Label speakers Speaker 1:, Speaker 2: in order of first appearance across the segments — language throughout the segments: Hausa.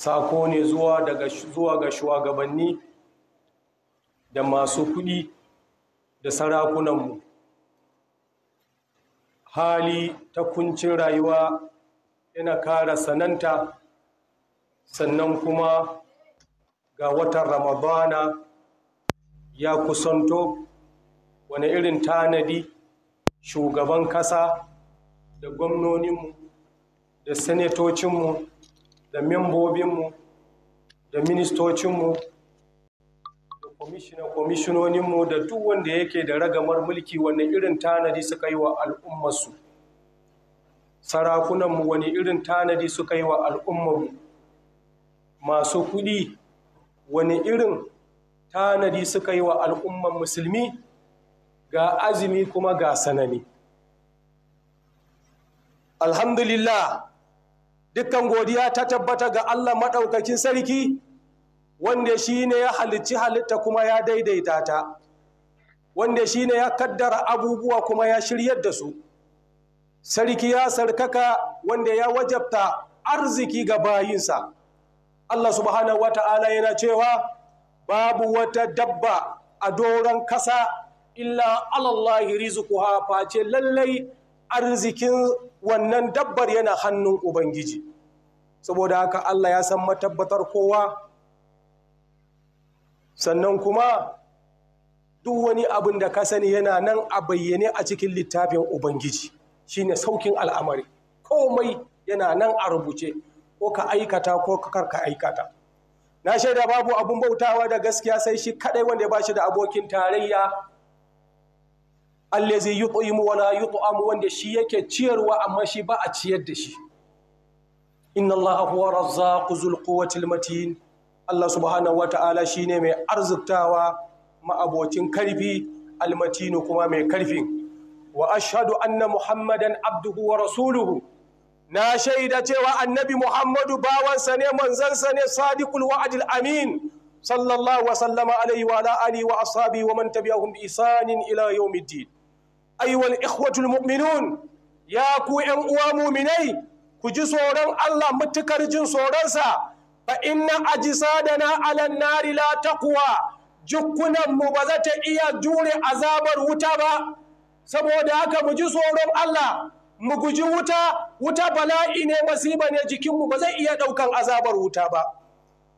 Speaker 1: sako ne zuwa daga zuwa ga shugabanni da masu kuɗi da sarakunan mu. hali ta kuncin rayuwa yana kara sananta sannan kuma ga watan ramadana ya kusanto wani irin tanadi shugaban kasa da gwamnoninmu da sanatocinmu da membobinmu da ministocinmu da kwamishinoninmu da duk wanda yake da ragamar mulki wani irin tanadi suka yi wa al'ummarsu sarakunanmu wani irin tanadi suka yi wa al'ummarmu masu kuɗi wani irin tanadi suka yi wa al'ummar musulmi ga azumi kuma ga sanani alhamdulillah dukkan godiya ta tabbata ga Allah maɗaukakin sarki wanda shi ne ya halicci halitta kuma ya daidaita ta wanda shi ne ya kaddara abubuwa kuma ya shiryar da su sarki ya sarkaka wanda ya wajabta arziki ga bayinsa Allah subhanahu wata'ala yana cewa babu wata dabba a doron kasa illa alallahi rizquha face lallai arzikin wannan dabbar yana hannun ubangiji saboda haka allah ya san matabbatar kowa sannan kuma duk wani abin da ka sani yana nan a bayyane a cikin littafin ubangiji shine saukin al'amari komai yana nan a rubuce ko ka aikata ko kar ka aikata na shaida babu abin bautawa da gaskiya sai shi kaɗai wanda ya shi da abokin tarayya allazi yut'imu wa la yut'amu wanda shi yake ciyarwa amma shi ba a ciyar da shi inna allaha huwa razzaqu zul wa matin allah subhanahu shi shine mai arziktawa ma'abocin karfi almatinu kuma mai karfi wa ashhadu anna muhammadan abduhu wa rasuluhu na shaida cewa annabi muhammadu bawansa ne manzansa ne sadiqul wa'adil amin sallallahu wa sallama alaihi wa ala alihi wa ashabi wa man tabi'ahum bi isanin ila yawmiddin ayyuhal ikhwatul mu'minun ya ku ƴan uwa mu'minai ku ji tsoron Allah mutukar jin tsoronsa fa inna ajsadana na nari la kuwa jukkunan mu ba za ta iya jure azabar wuta ba saboda haka mu ji tsoron Allah mu guji wuta wuta bala'i ne masiba ne jikinmu ba zai iya ɗaukan azabar wuta ba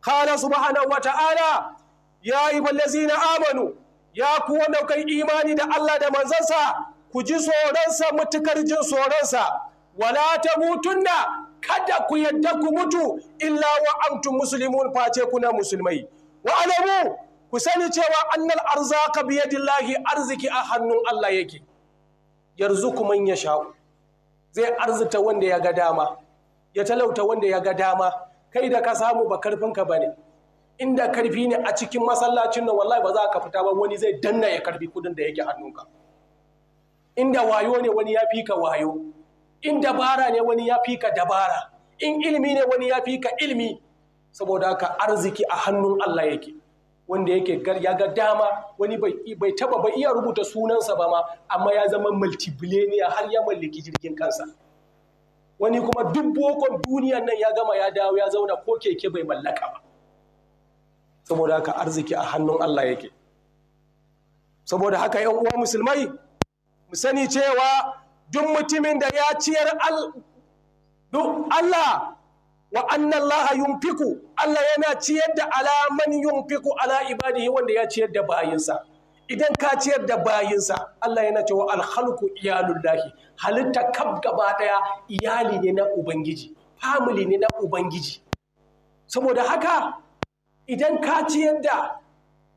Speaker 1: qala subhanahu wa ta'ala ya ayyuhallazina amanu ya ku wanda imani da Allah da manzansa ku ji tsoronsa mutukar jin tsoronsa wala ta mutunna kada ku yadda ku mutu illa wa antum muslimun face kuna musulmai wa alamu ku sani cewa annal arzaka biyadillahi arziki a hannun Allah yake yarzuku man yasha'u zai arzuta wanda ya ga dama ya talauta wanda ya ga dama kai da ka samu ba karfinka bane inda karfi ne a cikin masallacin nan wallahi ba za ka fita ba wani zai danna ya karfi kudin da yake hannunka inda wayo ne wani ya fi ka wayo in dabara ne wani ya fi ka dabara in ilimi ne wani ya fi ka ilimi saboda haka arziki a hannun Allah yake wanda yake ya ga dama wani bai taba bai iya rubuta sunansa ba ma amma ya zama multibillionaire har ya mallaki jirgin kansa wani kuma duk bokon duniyan nan ya gama ya dawo ya zauna ko keke bai mallaka ba saboda haka arziki a hannun Allah yake saboda haka yan uwa musulmai mu sani cewa duk mutumin da ya ciyar Allah wa annan laha yunfiku Allah yana ciyar da alaman yunfiku ala ibadihi wanda ya ciyar da bayinsa idan ka ciyar da bayinsa Allah yana cewa alhalku iyalullahi halitta kaf gaba daya iyali ne na ubangiji family ne na ubangiji saboda haka idan ka ciyar da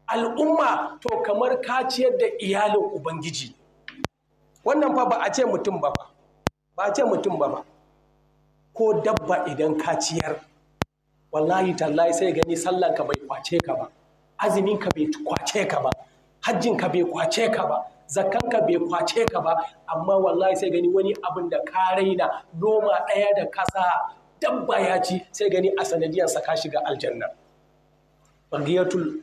Speaker 1: al'umma to kamar ka ciyar da iyalin ubangiji wannan fa ba a ce mutum ba ba a ce mutum ba ba ko dabba idan ka ciyar wallahi tallahi sai gani sallanka bai kwace ka ba azuminka bai kwace ka ba ka bai kwace ka ba zakanka bai kwace ka ba amma wallahi sai gani wani abin da ka raina noma ɗaya da kasa dabba ya ci sai gani a sanadiyarsa ka shiga aljanna bagiyatul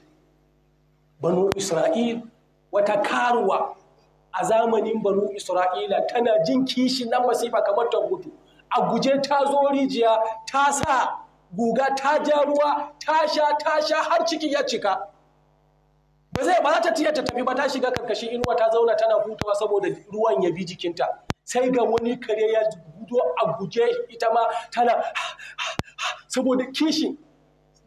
Speaker 1: banu isra'il wata karuwa a zamanin banu isra'ila tana jin kishi na masifa kamar ta gudu a guje ta zo rijiya ta sa guga ta ja ruwa ta sha ta sha har ciki ya cika ba zai ba ta tiya ta tafi ba ta shiga karkashin inuwa ta zauna tana hutawa saboda ruwan ya bi jikinta sai ga wani kare ya gudo a guje ita ma tana saboda kishin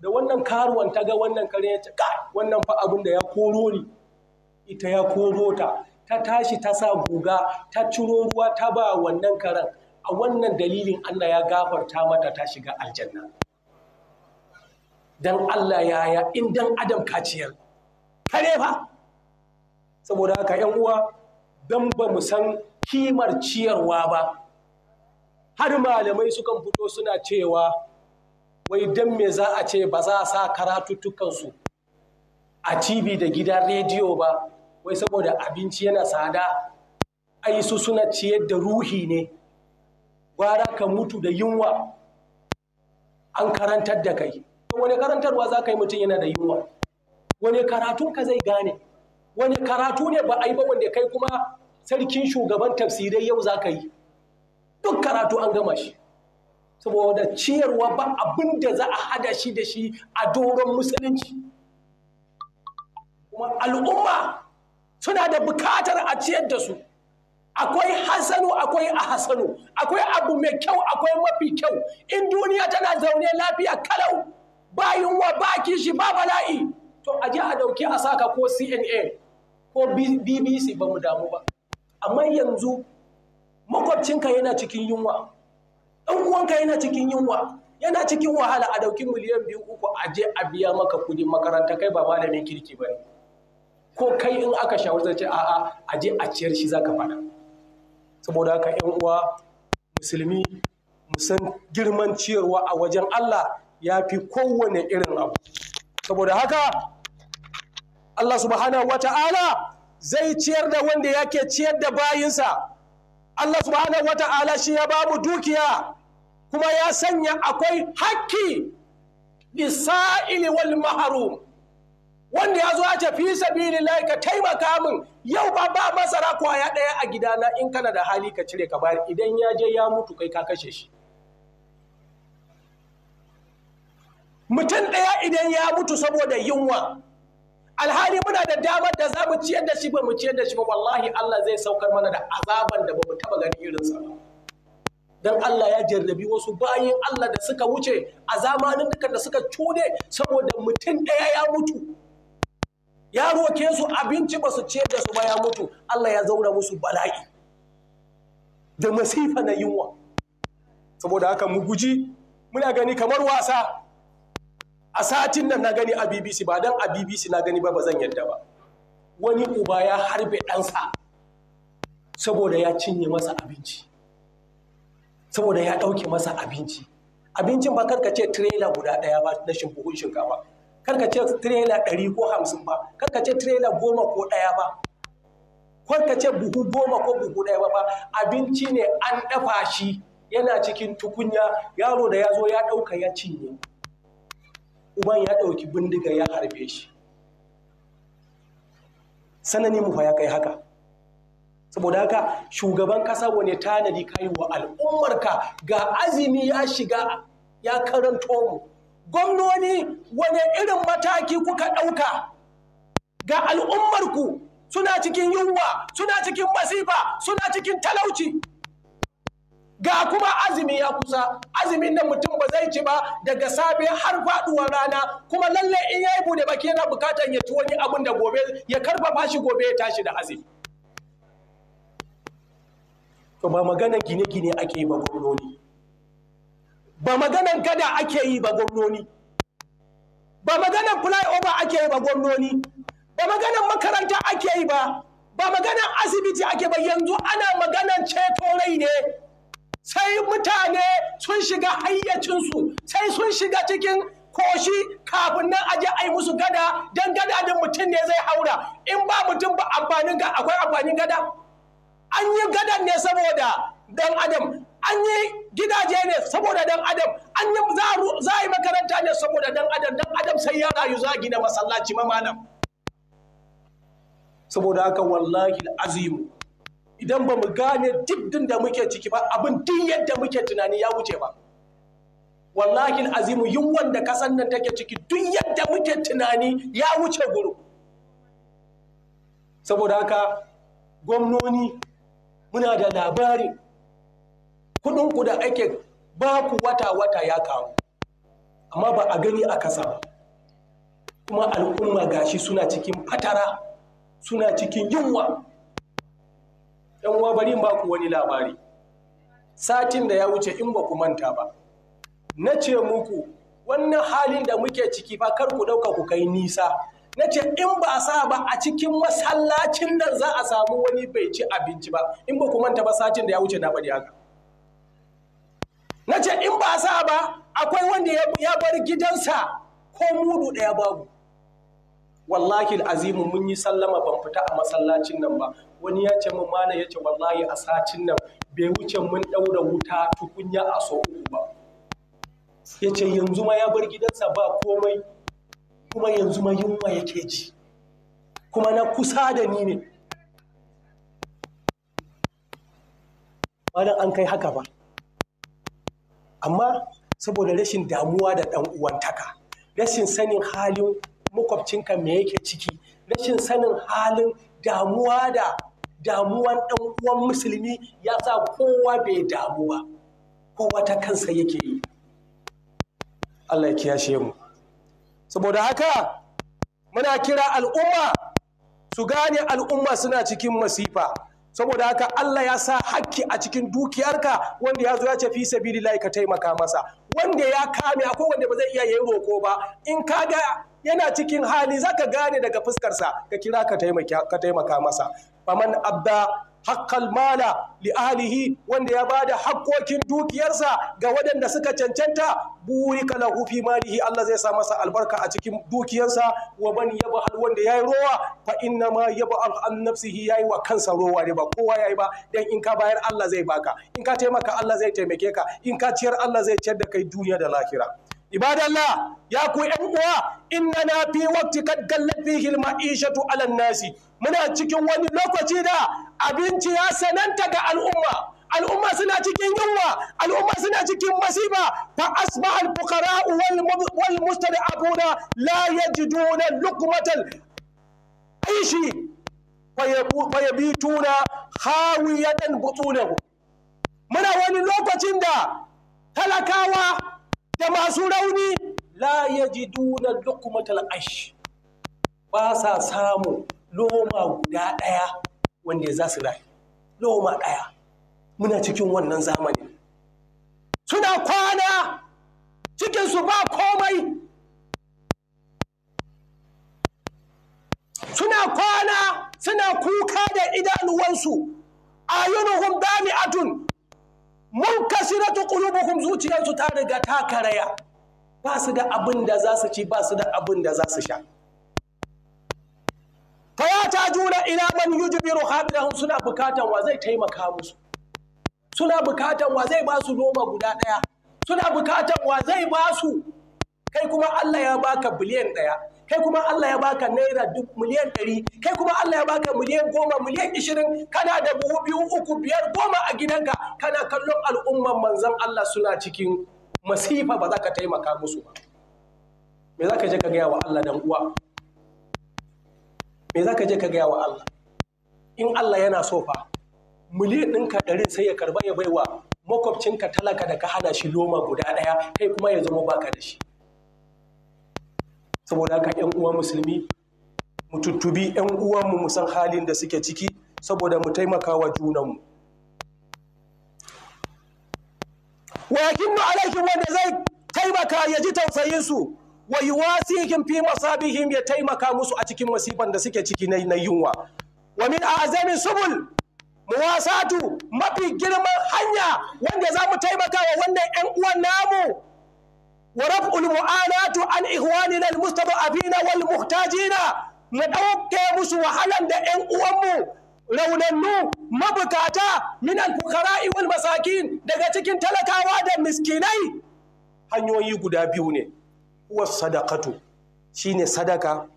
Speaker 1: da wannan karuwan ta ga wannan kare ya ce wannan fa abin da ya koro ni ita ya koro ta ta tashi ta sa guga ta ciro ruwa ta ba wannan karen a wannan dalilin Allah ya gafarta mata ta shiga aljanna dan Allah ya ya in dan adam kaciyar kare fa saboda haka yan uwa dan ba mu san kimar ciyarwa ba har malamai sukan fito suna cewa wai don me za a ce ba za a sa karatuttukansu a TV da gidan rediyo ba wai saboda abinci yana tsada ai su suna ciyar da ruhi ne gwara ka mutu da yunwa an karantar da kai wani karantarwa za ka yi mutum yana da yunwa wani karatun ka zai gane wani karatu ne ba a yi ba wanda kai kuma sarkin shugaban tafsirai yau za ka yi duk karatu an gama shi saboda ciyarwa ba abin da za a hada shi da shi a doron musulunci kuma al'umma suna da bukatar a ciyar da su akwai hasanu akwai a hasanu akwai abu mai kyau akwai mafi kyau in duniya tana zaune lafiya kalau ba yunwa, ba kishi, ba bala'i to a ji a dauki a saka ko cnn ko bbc ba mu damu ba amma yanzu makwabcinka yana cikin yunwa ɗan uwanka yana cikin yunwa yana cikin wahala a ɗauki miliyan biyu uku a je a biya maka kudin makaranta kai ba malamin kirki ba ne ko kai in aka shawarta ce a'a a je a ciyar shi zaka faɗa saboda haka yan uwa musulmi musan girman ciyarwa a wajen Allah ya fi kowane irin abu saboda haka Allah subhanahu wa ta'ala zai ciyar da wanda yake ciyar da bayinsa Allah subhanahu wata'ala shi ya babu dukiya kuma ya sanya akwai hakki sa'ili wal maharum wanda ya zo a ce fi sabilillahi ka taimaka min yau ba ba masara kwaya ɗaya a gidana in kana da hali ka cire ka bayar idan ya je ya mutu kai ka kashe shi mutum ɗaya idan ya mutu saboda yunwa alhali muna da damar da za mu ciyar da shi ba mu ciyar da shi ba wallahi Allah zai saukar mana da azaban da ba mu taba gani irinsa ba dan Allah ya jarrabi wasu bayin Allah da suka wuce a zamanin dukan da suka cune saboda mutum ɗaya ya mutu ya roke su abinci ba su ciyar da su ba ya mutu Allah ya zauna musu bala'i da masifa na yunwa saboda haka mu guji muna gani kamar wasa a satin nan na gani a bbc ba dan a bbc na gani ba ba zan yadda ba wani uba ya harbe ɗansa saboda ya cinye masa abinci saboda ya ɗauke masa abinci abincin ba karka ce tirela guda ɗaya ba na shimfuhun shinkafa karka ce tirela ɗari ko hamsin ba karka ce tirela goma ko ɗaya ba karka ce buhu goma ko buhu ɗaya ba abinci ne an ɗafa shi yana cikin tukunya yaro da ya zo ya ɗauka ya cinye uban ya ɗauki bindiga ya harbe shi sanani mu fa ya kai haka saboda haka shugaban ƙasa wane tanadi kai wa al'ummarka ga azumi ya shiga ya karanto mu gwamnoni wane irin mataki kuka ɗauka ga al'ummarku suna cikin yunwa suna cikin masifa suna cikin talauci ga kuma azumi ya kusa azumin da mutum ba zai ci ba daga safe har faduwa rana kuma lalle in yayi bude baki yana bukatar ya ci wani abin da gobe ya karfafa shi gobe ya tashi da azumi to ba magana gine-gine ake yi ba gwamnoni ba maganan gada ake yi ba gwamnoni ba maganan flyover ake yi ba gwamnoni ba magana makaranta ake yi ba ba maganan asibiti ake ba yanzu ana maganan ceto rai ne sai mutane sun shiga hayyacinsu sai sun shiga cikin koshi kafin nan aje ai musu gada don gada din mutum ne zai haura in ba mutum ba amfanin ga akwai amfanin gada an yi gadan ne saboda dan adam an yi gidaje ne saboda dan adam an yi za a yi makaranta ne saboda dan adam dan adam sai ya rayu za a gina masallaci ma malam saboda haka wallahi azimu idan ba mu gane dibdin da muke ciki ba abin din yadda muke tunani ya wuce ba wallahi azimu yunwan wanda kasan nan take ciki duk yadda muke tunani ya wuce guru saboda haka gwamnoni muna da labari labarin ku da ake baku wata-wata ya kawo amma ba a gani a kasa ba kuma al'umma gashi suna cikin fatara suna cikin yunwa yan uwa bari ba ku wani labari satin da ya wuce in ba ku manta ba na ce muku wannan halin da muke ciki ba kar ku ɗauka ku kai nisa na ce in ba sa ba a cikin masallacin nan za a samu wani bai ci abinci ba in ba ku manta ba satin da ya wuce na faɗi haka na ce in ba sa ba akwai wanda ya bar gidansa ko mudu ɗaya babu wallahi azimu mun yi sallama ban fita a masallacin nan ba wani ya ce mun mana ya ce wallahi a satin nan bai wuce mun ɗaura wuta tukunya a so uku ba ya ce yanzu ma ya bar gidansa ba komai kuma yanzu ma yunwa yake ji kuma na kusa da ni ne malam an kai haka ba amma saboda rashin damuwa da ɗan uwantaka rashin sanin halin makwabcinka me yake ciki rashin sanin halin damuwa da damuwan ɗan uwan musulmi ya sa kowa bai damuwa. kowa ta kansa yake yi Allah ya kiyashe mu saboda haka muna kira al'umma su gane al'umma suna cikin masifa saboda haka Allah ya sa hakki a cikin dukiyarka wanda ya zo ya ce fi sabilillahi ka taimaka masa wanda ya kame akwai wanda ba zai iya yin roko ba in ka ga yana cikin hali zaka gane daga fuskarsa ka kira ka taimaka masa faman abda haƙƙal mala li ahlihi wanda ya bada hakkokin dukiyarsa ga waɗanda suka cancanta buri kala hufi malihi Allah zai sa masa albarka a cikin dukiyarsa wa man yabhal wanda yayi rowa fa inna ma yabhal an nafsihi yayi wa kansa rowa ne ba kowa yayi ba dan in ka bayar Allah zai baka in ka taimaka Allah zai taimake ka in ka ciyar Allah zai ciyar da kai duniya da lahira ibadallah ya ku 'yan uwa na fi waqti kad gallat fihi al-ma'ishatu 'ala an muna cikin wani lokaci da abinci ya sananta ga al'umma al'umma suna cikin yunwa al'umma suna cikin masifa fa asbaha al-fuqara wal mustad'afuna la yajiduna luqmatal aishi fa yabituna khawiyatan butunahum muna wani lokacin da talakawa da masu rauni la yajiduna luqmatal ash ba sa samu loma guda ɗaya wanda za su rayu loma ɗaya muna cikin wannan zamani suna kwana cikinsu ba komai suna kwana suna kuka da idanuwansu ayunuhum atun. Mun munkasiratu qulubuhum zuciyarsu ta riga ta karaya ba su da abin da za su ci ba su da abin da za su sha fayata juna ila man yujbiru hamilahum suna bukatan wa zai taimaka musu suna bukatan wa zai ba su noma guda daya suna bukatan wa zai ba su kai kuma Allah ya baka biliyan daya kai kuma Allah ya baka naira duk miliyan ɗari kai kuma Allah ya baka miliyan goma miliyan ishirin kana da buhu biyu uku biyar goma a gidanka kana kallon al'umman manzan Allah suna cikin masifa ba za ka taimaka musu ba me za ka je ka gaya wa Allah dan uwa me za ka je ka gaya wa Allah in Allah yana so fa miliyan ɗinka ɗarin sai ya karba ya baiwa makwabcinka talaka da ka hana shi loma guda ɗaya kai kuma ya zama baka da shi saboda haka yan uwa musulmi mu tuttubi yan uwanmu mu san halin da suke ciki saboda mu taimaka wa junanmu wa yakinnu alaikin wanda zai taimaka ya ji tausayinsu wa yuwasihim fi masabihim ya taimaka musu a cikin masifan da suke ciki na yunwa wa min azamin subul muwasatu mafi girman hanya wanda za mu taimaka wa wannan yan uwan namu ورفع المعاناة عن إخواننا المستضعفين والمحتاجين ندوك مسو وحلا da 'yan أمو raunannu mabukata min alfukara'i wal masakin daga cikin talakawa da miskinai hanyoyi guda biyu ne huwa sadaqatu shine sadaka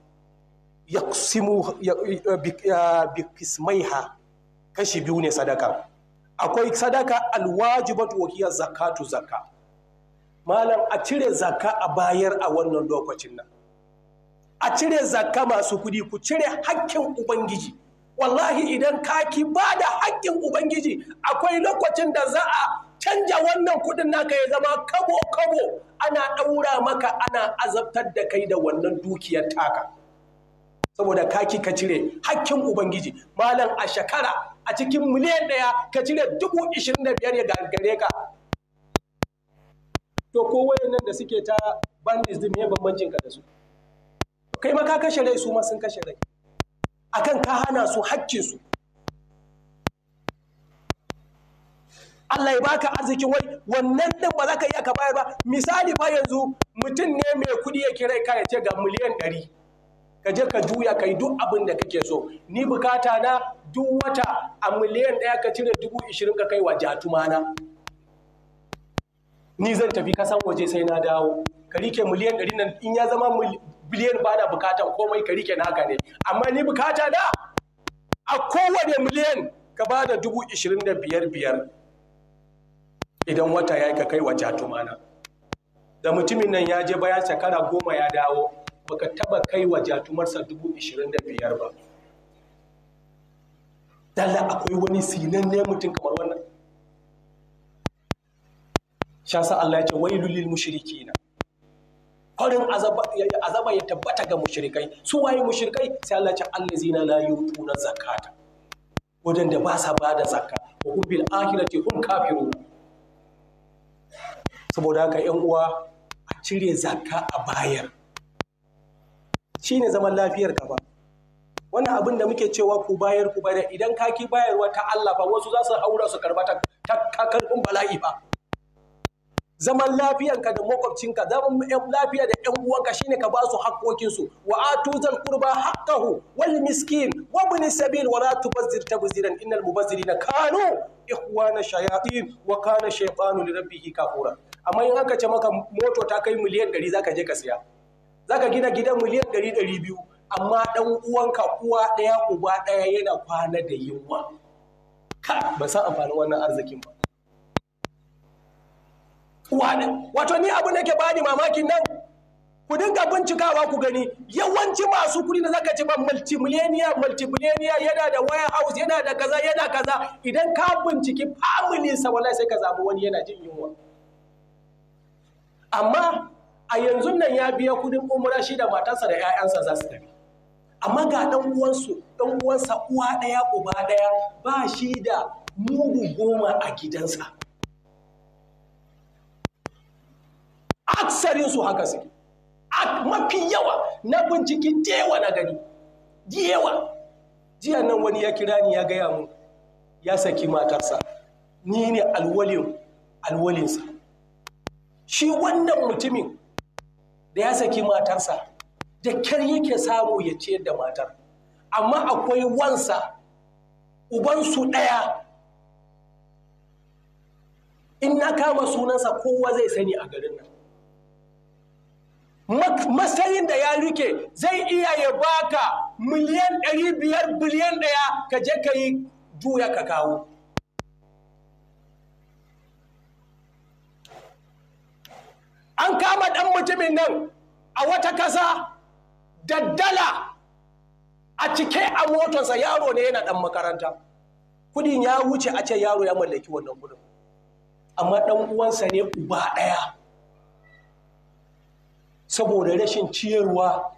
Speaker 1: yaqsimu bi kashi biyu ne sadaka akwai sadaka alwajibatu wa hiya zakatu zakka malam a cire zakka a bayar a wannan lokacin nan a cire zakka masu kudi ku cire hakkin ubangiji wallahi idan kaki ba da hakkin ubangiji akwai lokacin da za a canja wannan kudin naka ya zama kabo kabo ana ɗaura maka ana azabtar da kai da wannan dukiyar taka saboda kaki ka cire hakkin ubangiji malam a shekara a cikin miliyan ɗaya ka cire dubu ishirin da biyar ya gargare ka to ko wayannan da suke ta bandits din me bambancin ka da su kai ma ka kashe rai su ma sun kashe rai akan ka hana su haƙƙin su Allah ya baka arzikin wai wannan din ba za ka iya ka bayar ba misali ba yanzu mutum ne mai kuɗi ya kira ka ya ce ga miliyan ɗari ka je ka juya kai duk abin da kake so ni bukata na duk wata a miliyan ɗaya ka cire dubu ishirin ka kai wa jatumana. na ni zan tafi kasan waje sai na dawo ka ke miliyan ɗari nan in ya zama miliyan ba na bukata komai ka ke naka ne amma ni bukata da, a kowane miliyan ka ba da dubu ishirin da biyar biyar idan wata ya yi ka kai wa jatumana da mutumin nan ya je bayan shekara goma ya dawo baka taba kai wa jatumarsa dubu ishirin da biyar ba dalla akwai wani sinan ne mutum kamar wani sha sa Allah ya ce Wai lulil lil na? farin azaba ya tabbata ga mushrikai su waye mushrikai sai Allah ya ce allazina la yutuna zakata da ba sa bada zakka wa hum bil akhirati hum kafiru. saboda haka yan uwa a cire zakka a bayar shine zaman lafiyar ka ba wannan abin da muke cewa ku bayar ku bayar idan kaki bayarwa ta Allah ba wasu za su haura su karba ta kakarbin bala'i ba zaman lafiyanka da makwabcinka zaman lafiya da 'yan uwanka shine ka ba su su wa atu zal qurba haqqahu wal miskin wa ibn sabil wa la tubazzir tabziran innal mubazzirina kanu ikhwana shayatin wa kana shaytanu li rabbihi kafura amma in aka ce maka moto ta kai miliyan 100 zaka je ka siya zaka gina gidan miliyan 100 200 amma dan uwanka uwa daya uba daya yana kwana da yunwa ka ba san amfanin wannan arzikin ba wato ni abin da ke bani mamakin nan ku dinga bincikawa ku gani yawanci masu kuɗi da zaka ci ba multimillionaire multimillionaire yana da waya house yana da kaza yana kaza idan ka binciki family sa wallahi sai ka zabi wani yana jin yunwa amma a yanzu nan ya biya kuɗin umra shi da matarsa da 'ya'yansa za su tafi amma ga ɗan uwansu ɗan uwansa uwa ɗaya uba ɗaya ba shi da mugu goma a gidansa aksarinsu haka suke mafi yawa na binciki dewa na gani dewa jiya nan wani ya kira ni ya gaya mu ya saki matarsa ni ne alwalin alwalinsa shi wannan mutumin da ya saki matarsa da kyar yake samu ya ciyar da matar amma akwai wansa ubansu ɗaya in na kama sunansa kowa zai sani a garin nan matsayin da ya rike zai iya ya baka miliyan ɗari biyar biliyan ɗaya ka je ka yi juya ka kawo an kama ɗan mutumin nan a wata ƙasa daddala a cike a motarsa yaro ne yana ɗan makaranta kudin ya wuce a ce yaro ya mallaki wannan kudin amma ɗan uwansa ne uba ɗaya saboda rashin ciyarwa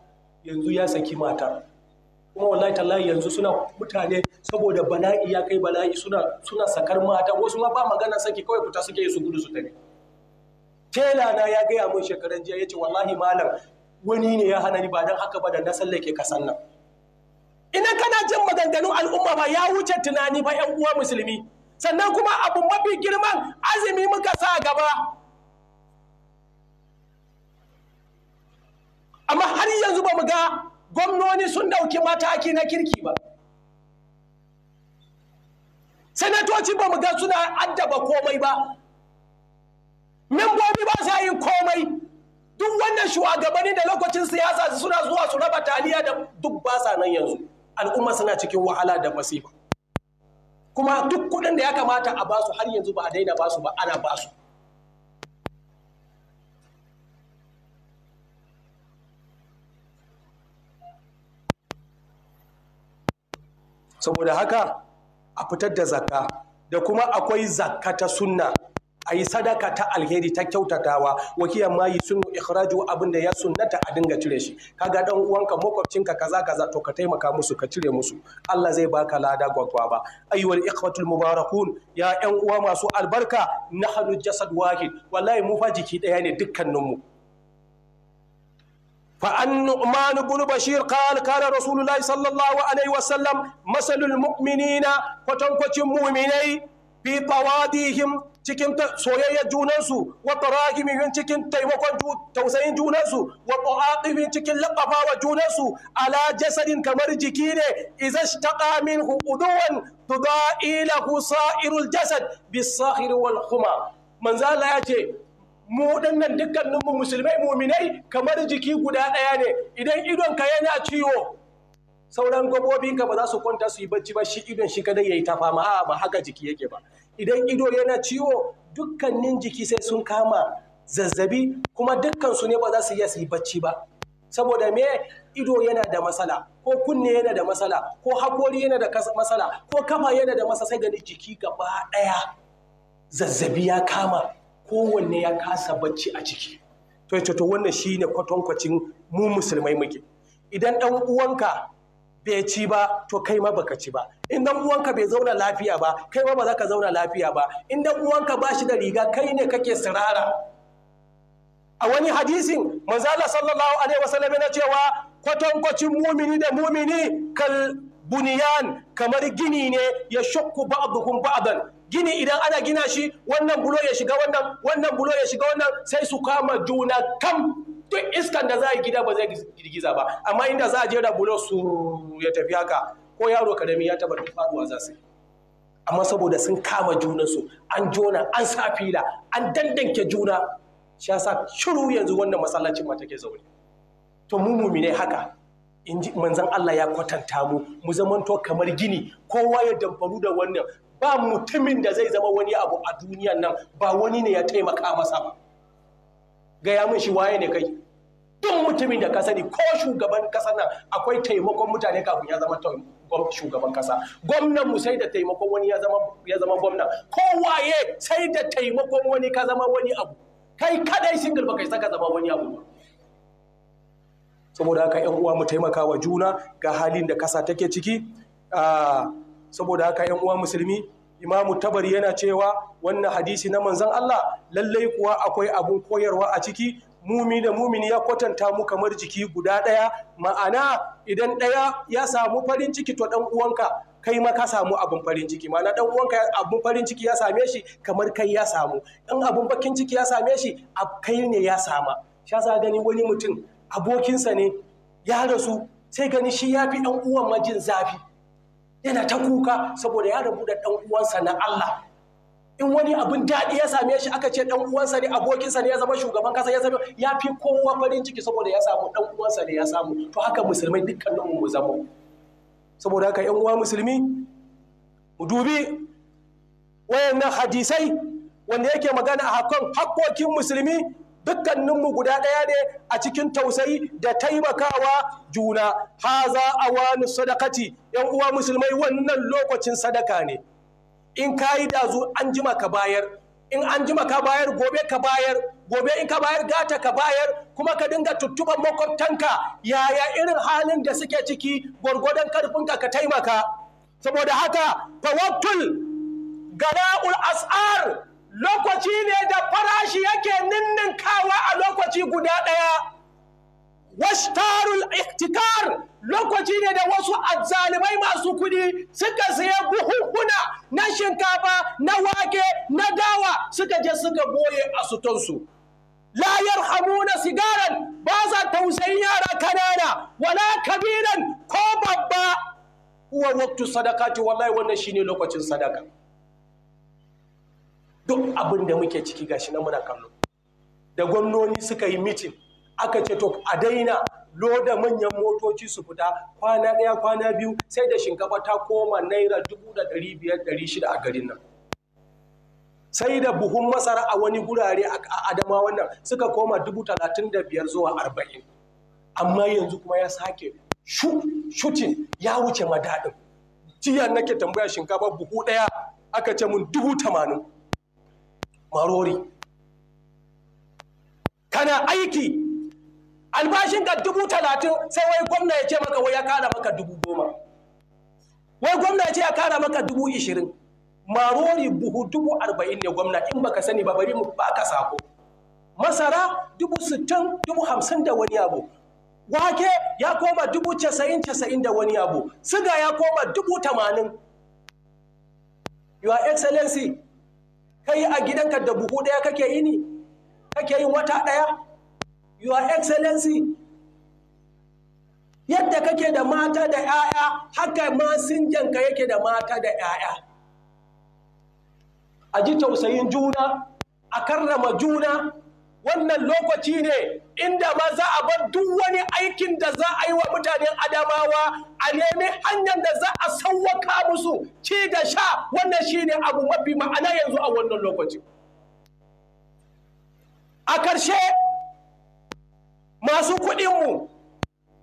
Speaker 1: yanzu ya saki mata, kuma wallahi tallahi yanzu suna mutane saboda bala'i ya kai bala'i suna suna sakar mata wasu ma ba magana saki kawai fita suke su gudu su tare tela na ya gaya mun shekaran jiya yace wallahi malam wani ne ya hana ni ba dan haka ba da na sallake kasan nan idan kana jin maganganun al'umma ba ya wuce tunani ba yan uwa musulmi sannan kuma abu mafi girman azumi muka sa gaba amma har yanzu ba mu ga gwamnoni sun dauki mataki na kirki ba sanatoci ba mu ga suna addaba komai ba membobi ba sa yin komai duk wannan shugabanni da lokacin siyasa suna zuwa su raba taliya da duk ba sa nan yanzu al'umma suna cikin wahala da masifa kuma duk kuɗin da ya kamata a basu har yanzu ba a daina basu ba ana basu saboda haka a fitar da zakka da kuma akwai zakka ta sunna a yi sadaka ta alheri ta kyautatawa wakiyar ma yi sunu ikhraju abin da ya sunnata a dinga cire shi kaga dan uwanka makwabcinka kaza kaza to ka taimaka musu ka cire musu Allah zai baka lada gwagwa ba ayyuhal ikhwatul mubarakun ya 'yan uwa masu albarka nahnu jasad wahid wallahi mu fa jiki daya ne mu فأن نعمان بن بشير قال قال رسول الله صلى الله عليه وسلم مثل المؤمنين فتنكتم مؤمنين في طواديهم cikin soyayyar junansu wa tarahimihim cikin taimakon tausayin junansu wa ta'aqibin cikin laɓafawa junansu ala jasadin kamar jiki ne idza ishtaqa minhu uduwan tudailahu sa'irul jasad bis-sahir wal kuma. manzo Allah ya ce mu dukkanin mu musulmai muminai kamar jiki guda ɗaya ne idan idonka yana ciwo sauran gabobinka ba za su kwanta su yi bacci ba shi idon shi kadai ya yi ta fama a ba haka jiki yake ba idan ido yana ciwo dukkanin jiki sai sun kama zazzabi kuma dukkan su ne ba za su iya su yi bacci ba saboda me ido yana da matsala ko kunne yana da matsala ko hakori yana da matsala ko kafa yana da matsala sai gani jiki gaba ɗaya zazzabi ya kama kowanne ya kasa bacci a ciki to ya to wannan shi ne kwatankwacin mu musulmai muke idan ɗan uwanka bai ci ba to kai ma baka ci ba in ɗan uwanka bai zauna lafiya ba kai ma ba za ka zauna lafiya ba in dan uwanka ba shi da riga kai ne kake sirara a wani hadisin manzala sallallahu alaihi wasallam yana cewa kwatankwacin mumini da mumini kal buniyan kamar gini ne ya shakku ba'dukum ba'dan gini idan ana gina shi wannan bulo ya shiga wannan wannan bulo ya shiga wannan sai su kama juna kam duk iskan da za a gida ba zai girgiza ba amma inda za a je da bulo su ya tafi haka ko yaro karami ya taba faruwa za su amma saboda sun kama junansu an jona an sa fila an dandanke juna shi yasa shiru yanzu wannan masallacin ma take zaune to mu mumine haka manzan Allah ya kwatanta mu mu zamanto kamar gini kowa ya damfaru da wannan ba mutumin da zai zama wani abu a duniyan nan ba wani ne ya taimaka masa ba gaya min shi waye ne kai duk mutumin da ka sani ko shugaban kasa nan akwai taimakon mutane kafin ya zama shugaban kasa gwamnan mu sai da taimakon wani ya zama ya zama gwamna ko waye sai da taimakon wani ka zama wani abu kai kadai single ba kai saka zama wani abu ba saboda haka yan uwa mu taimaka wa juna ga halin da kasa take ciki ah, saboda haka yan uwa musulmi imamu tabari yana cewa wannan hadisi na manzon Allah lallai kuwa akwai abun koyarwa a ciki mumi da mumini ya kwatanta mu kamar jiki guda ɗaya ma'ana idan ɗaya ya samu farin ciki to ɗan uwanka kai ma ka samu abin farin ciki ma'ana ɗan uwanka abin farin ciki ya same shi kamar kai ya samu ɗan abun bakin ciki ya same shi kai ne ya sama sha sa gani wani mutum abokinsa ne ya rasu sai gani shi ya fi ɗan uwan majin zafi yana ta kuka saboda ya rabu da ɗan uwansa na Allah in wani abin daɗi ya same shi aka ce ɗan uwansa ne abokinsa ne ya zama shugaban kasa ya zama ya fi kowa farin ciki saboda ya samu ɗan uwansa ne ya samu to haka musulmai dukkanin mu zama saboda haka yan uwa musulmi mu dubi wayannan hadisai wanda yake magana a hakan hakkokin musulmi dukkaninmu guda ɗaya ne a cikin tausayi da taimakawa juna haza wani sadakati yan uwa musulmai wannan lokacin sadaka ne in ka yi dazu an jima ka bayar in an jima ka bayar gobe ka bayar gobe in ka bayar gata ka bayar kuma ka dinga tuttuban makwabtanka yaya irin halin da suke ciki gwargwadon karfinka ka taimaka saboda haka tawattul gala'ul as'ar lokaci ne da farashi yake ninninkawa a lokaci guda ɗaya washtarul ihtikar lokaci ne da wasu azzalimai masu kudi suka saye buhuhuna na shinkafa na wake na dawa suka je suka boye a sutonsu la yarhamuna sigaran ba za tausayin yara kanana wala kabiran ko babba huwa waqtu sadaqati wallahi wannan shine lokacin sadaka duk abin da muke ciki gashi na muna kallo da gwamnoni suka yi mitin aka ce to a daina loda manyan motoci su fita kwana ɗaya kwana biyu sai da shinkafa ta koma naira dubu da ɗari biyar ɗari shida a garin nan sai da buhun masara a wani gurare a adama wannan suka koma dubu talatin da biyar zuwa arba'in amma yanzu kuma ya sake shutin ya wuce madadin jiya nake tambaya shinkafa buhu ɗaya aka ce mun dubu tamanin marori kana aiki albashinka dubu talatin sai wai gwamna ya ce maka wai ya kara maka dubu goma wai gwamna ya ce ya kara maka dubu ishirin marori buhu dubu arba'in ne gwamna in baka sani ba bari mu baka sako masara dubu sittin dubu hamsin da wani abu wake ya koma dubu casa'in casa'in da wani abu siga ya koma dubu tamanin your excellency kai a gidanka da buhu ɗaya kake yi ne kake yin wata ɗaya your excellency yadda kake da mata da 'ya'ya haka masinjanka yake da mata da 'ya'ya a ji tausayin juna a karrama juna wannan lokaci ne inda ma za a bar duk wani aikin da za a yi wa mutanen adamawa a nemi hanyar da za a sauwaka musu ci da sha wannan shine abu mafi ma'ana yanzu a wannan lokaci a ƙarshe masu kuɗinmu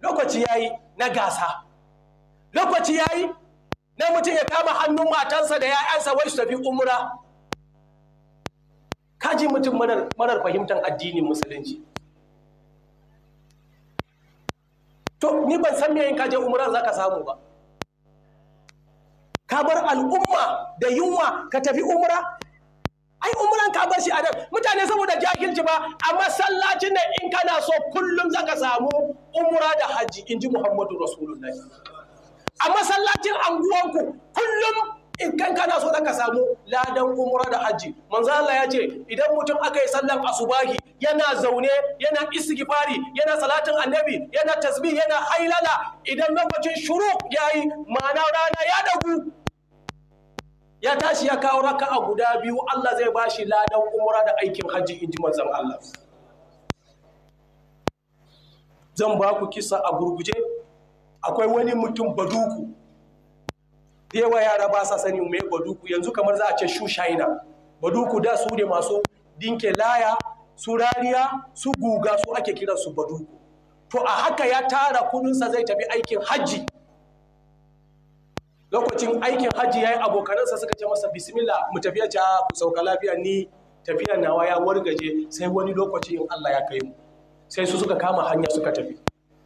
Speaker 1: lokaci ya yi na gasa lokaci ya yi na mutum ya kama hannun matansa da 'ya'yansa wai su tafi umra kaji mutum marar fahimtar addinin musulunci to ni ban san me kaje umra za ka samu ba ka bar al'umma da yunwa ka tafi umra ai umran ka bar shi a mutane saboda jahilci ba a masallacin da in kana so kullum za ka samu umra da hajji in ji muhammadu rasulullahi a masallacin anguwanku kullum in kan kana so ka samu ladan umra da hajji manzo Allah ya ce idan mutum aka yi sallan asubahi yana zaune yana istighfari yana salatin annabi yana tasbih yana hailala idan lokacin shuru yayi ma'ana rana ya dagu ya tashi ya kawo raka a guda biyu Allah zai bashi ladan umra da aikin hajji ji manzon Allah zan ba ku kisa a gurguje akwai wani mutum baduku da yawa yara ba sa sani mai baduku yanzu kamar za a ce shu shaina baduku da su ne masu dinke laya su rariya su guga su ake kiran su baduku to a haka ya tara kudinsa zai tafi aikin hajji lokacin aikin hajji ya yi abokanansa suka ce masa bismillah mu tafiya ta ah, ku sauka lafiya ni tafiya nawa ya wargaje sai wani lokaci in Allah ya kai mu sai su suka kama hanya suka tafi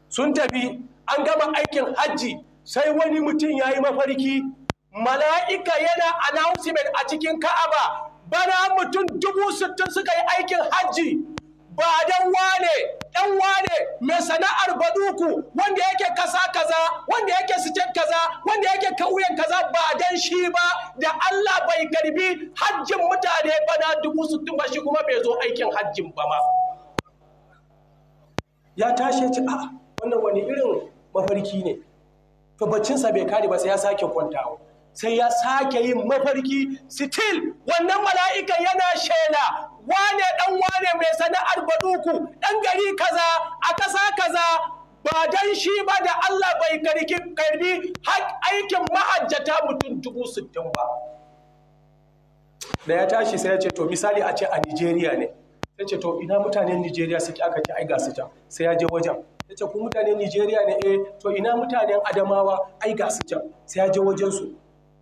Speaker 1: sun tafi an gama aikin hajji sai wani mutum ya yi mafarki mala'ika yana announcement a cikin ka'aba bana mutum dubu sittin suka yi aikin hajji ba dan wane dan wane mai sana'ar baduku wanda yake kasa kaza wanda yake sitin kaza wanda yake kauyen kaza ba dan shi ba da Allah bai karbi hajjin mutane bana dubu sittin ba shi kuma bai zo aikin hajjin ba ma ya tashi ci a wannan wani irin mafarki ne to baccinsa bai kare ba sai ya sake kwantawa sai ya sake yin mafarki still wannan mala'ikan yana shela wane dan wane mai sana'ar baduku dan gari kaza a kasa kaza ba dan shi ba da Allah bai karki karbi aikin mahajjata mutum dubu sittin ba da ya tashi sai ya ce to misali a ce a Nigeria ne ya ce to ina mutanen Nigeria suke aka ce ai ga su can sai ya je wajen ya ce ku mutanen Nigeria ne eh to ina mutanen Adamawa ai ga su can sai ya je wajen su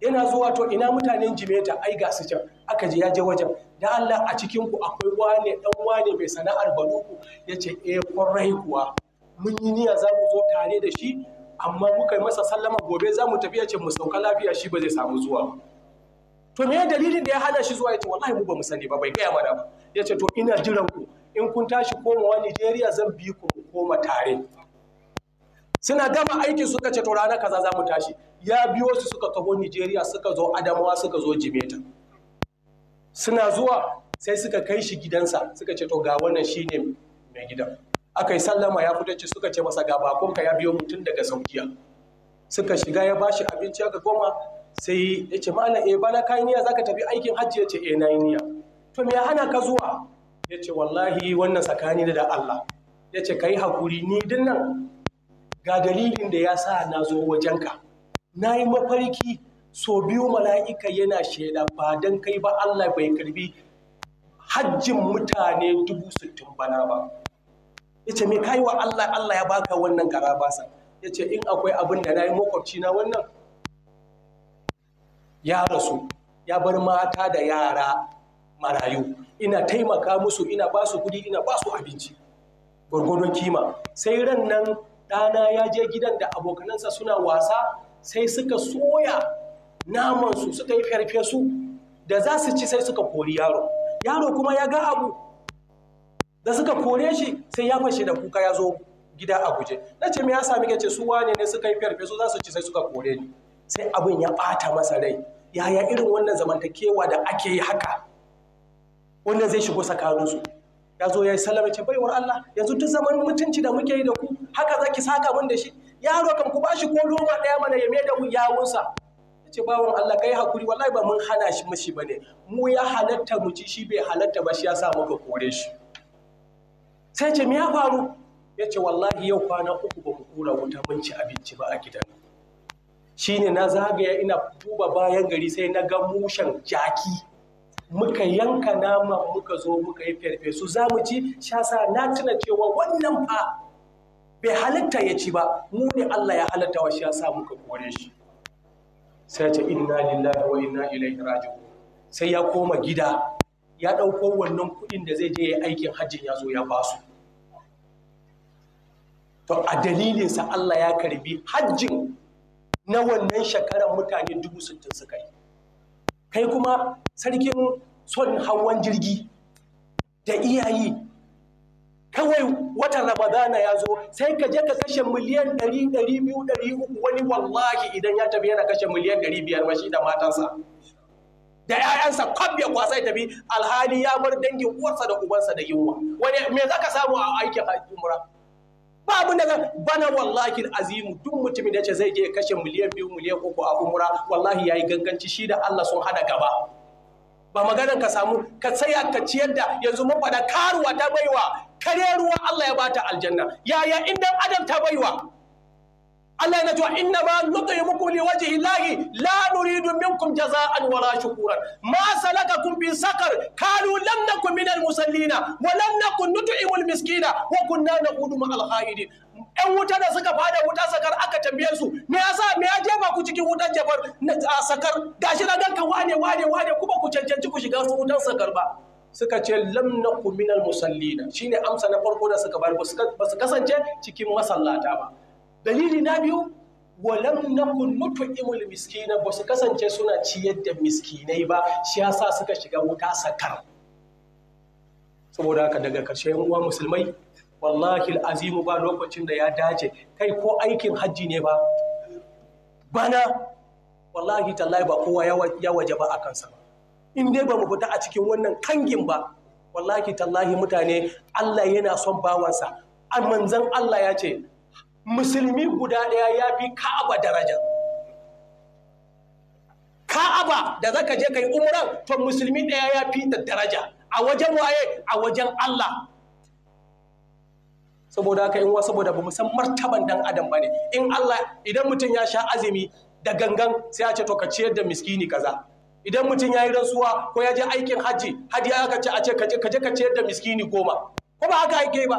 Speaker 1: yana zuwa to ina mutanen jimeta ai ga su can aka je ya je wajen da Allah a cikin ku akwai wane dan wane mai sana'ar banuku yace eh kwarai kuwa mun yi niyya za mu zo tare da shi amma muka yi masa sallama gobe za mu tafi yace mu sauka lafiya shi ba zai samu zuwa to me dalilin da ya hana shi zuwa yace wallahi mu ba mu sani ba bai gaya mana ba yace to ina jiran ku in kun tashi komawa Nigeria zan bi ku mu koma tare suna gama aiki suka ce to rana kaza za mu tashi ya biyo su suka taho Nigeria suka zo Adamawa suka zo Jimeta. Suna zuwa sai suka kai shi gidansa suka ce to ga wannan shine mai gidan. Aka sallama ya fita suka ce masa ga bakonka ya biyo mutum daga Saudiya. Suka shiga ya bashi abinci aka goma sai ya ce malam eh bana kai niyya zaka tafi aikin hajji ya ce eh nayi niyya. To me ya hana ka zuwa? Ya ce wallahi wannan tsakani da Allah. Ya ce kai hakuri ni dinnan ga dalilin da ya sa na zo wajenka. na yi mafarki so biyu mala'ika yana shaida ba don kai ba Allah bai karbi hajjin mutane dubu sittin bana ba ya ce me kai wa Allah Allah ya baka wannan karabasa ya ce in akwai abin da na yi makwabci na wannan ya rasu ya bar mata da yara marayu ina taimaka musu ina ba su kudi ina ba su abinci gwargwadon kima sai ran nan ɗana ya je gidan da abokanansa suna wasa sai suka soya namansu suka yi farfesu da za su ci sai suka kori yaro yaro kuma ya ga abu da suka kore shi sai ya fashe da kuka ya zo gida a guje na ce mai ya sami ce su wane ne suka yi farfesu za su ci sai suka kore ni sai abin ya ɓata masa rai yaya irin wannan zamantakewa da ake yi haka wannan zai shigo tsakaninsu ya zo ya yi salama ce baiwar Allah yanzu duk zaman mutunci da muke yi da ku haka zaki saka min da shi yaro kam ku bashi ko roma ɗaya mana ya mai da mu yawunsa ya ce bawon Allah kai hakuri wallahi ba mun hana shi mashi bane mu ya halatta mu ci shi bai halatta ba shi ya sa muka kore shi sai ce me ya faru ya ce wallahi yau kwana uku ba mu kura wuta mun ci abinci ba a gidan shine na zagaya ina duba bayan gari sai na ga mushen jaki muka yanka nama muka zo muka yi ferfesu za mu ci shasa na tuna cewa wannan fa bai halitta ya ci ba mu ne Allah ya halatta wa shi ya sa muka kore shi sai ya ce inna lillahi wa inna ilaihi raji'un sai ya koma gida ya ɗauko wannan kuɗin da zai je ya aikin hajjin ya zo ya basu. to a dalilinsa Allah ya karbi hajjin na wannan shekarar mutane dubu sittin suka yi kai kuma sarkin son hawan jirgi da iyayi kawai watan ramadana ya zo sai ka je ka kashe miliyan ɗari ɗari biyu ɗari uku wani wallahi idan ya tafi yana kashe miliyan ɗari biyar mashi da matansa da 'ya'yansa kwab ya kwasa ya tafi alhali ya bar dangin uwarsa da ubansa da yunwa wani me za ka samu a aikin umra babu na bana wallahi azimu duk mutumin da ce zai je kashe miliyan biyu miliyan uku a umra wallahi ya yi ganganci shi da Allah sun hada gaba ba maganar ka samu ka tsaya ka ciyar da yanzu mun faɗa karuwa ta baiwa kare ruwa Allah ya bata aljanna yaya in dan adam ta baiwa Allah yana cewa inna ma nut'imukum li wajhi llahi la nuridu minkum jazaa'an a shukuran ma salakakum fi saqar qalu lam nakum minal musallina wa lam nakun nut'imul miskina wa kunna naqudu ma'al kha'idin 'yan wuta da suka fada wuta sakar aka tambaye su me yasa me ya jefa ku cikin wutan jabar a sakar gashi na ganka wane wane wane kuma ku cancanci ku shiga su wutan sakar ba suka ce lam nakum minal musallina shine amsa na farko da suka bar ba su kasance cikin masallata ba dalili na biyu walam nakun nut'imul miskina ba su kasance suna ciyar da miskinai ba shi yasa suka shiga wuta sakar saboda haka daga karshen uwa musulmai wallahi azimu ba lokacin da ya dace kai ko aikin hajji ne ba bana wallahi tallahi ba kowa ya waje ba a kansa ba in dai ba mu fita a cikin wannan kangin ba wallahi tallahi mutane Allah yana son bawansa a manzan Allah ya ce musulmi guda ɗaya ya fi ka'aba daraja ka'aba da zaka je kai umran to musulmi ɗaya ya fi ta daraja a wajen waye a wajen Allah saboda haka in wa saboda bamu san martaban dan adam bane in Allah idan mutum ya sha azumi da gangan sai a ce to ka ciyar da miskini kaza idan mutum ya yi rantsuwa ko ya je aikin hajji hadiya aka ce a ce ka je ka ciyar da miskini goma ko ba haka ake ba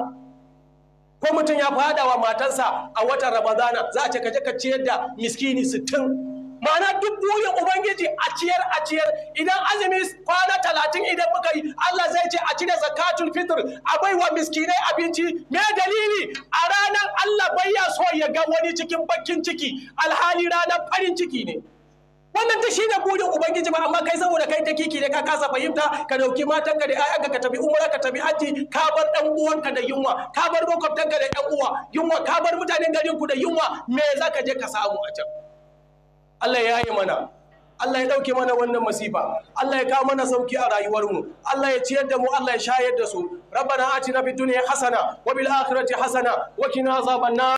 Speaker 1: ko mutum ya fada wa matansa a watan ramadana za a ce ka je ka ciyar da miskini sittin ma'ana duk burin ubangiji a ciyar a ciyar idan azumi kwana talatin idan muka yi Allah zai ce a cire zakatun fitur a bai wa miskinai abinci me dalili a ranar Allah bai ya so ya ga wani cikin bakin ciki alhali ranar farin ciki ne wannan ta shine burin ubangiji ba amma kai saboda kai ta kiki ne ka kasa fahimta ka dauki matan ka da ƴaƴanka ka tafi umra ka tafi hajji ka bar dan uwanka da yunwa ka bar makwabtanka da yan uwa yunwa ka bar mutanen garin ku da yunwa me zaka je ka samu a can Allah ya yi mana Allah ya ɗauke mana wannan masifa Allah ya kawo mana sauki a rayuwarmu Allah ya ciyar da mu Allah ya shayar da su rabbana atina fi dunya hasana wa bil akhirati hasana wa qina azaban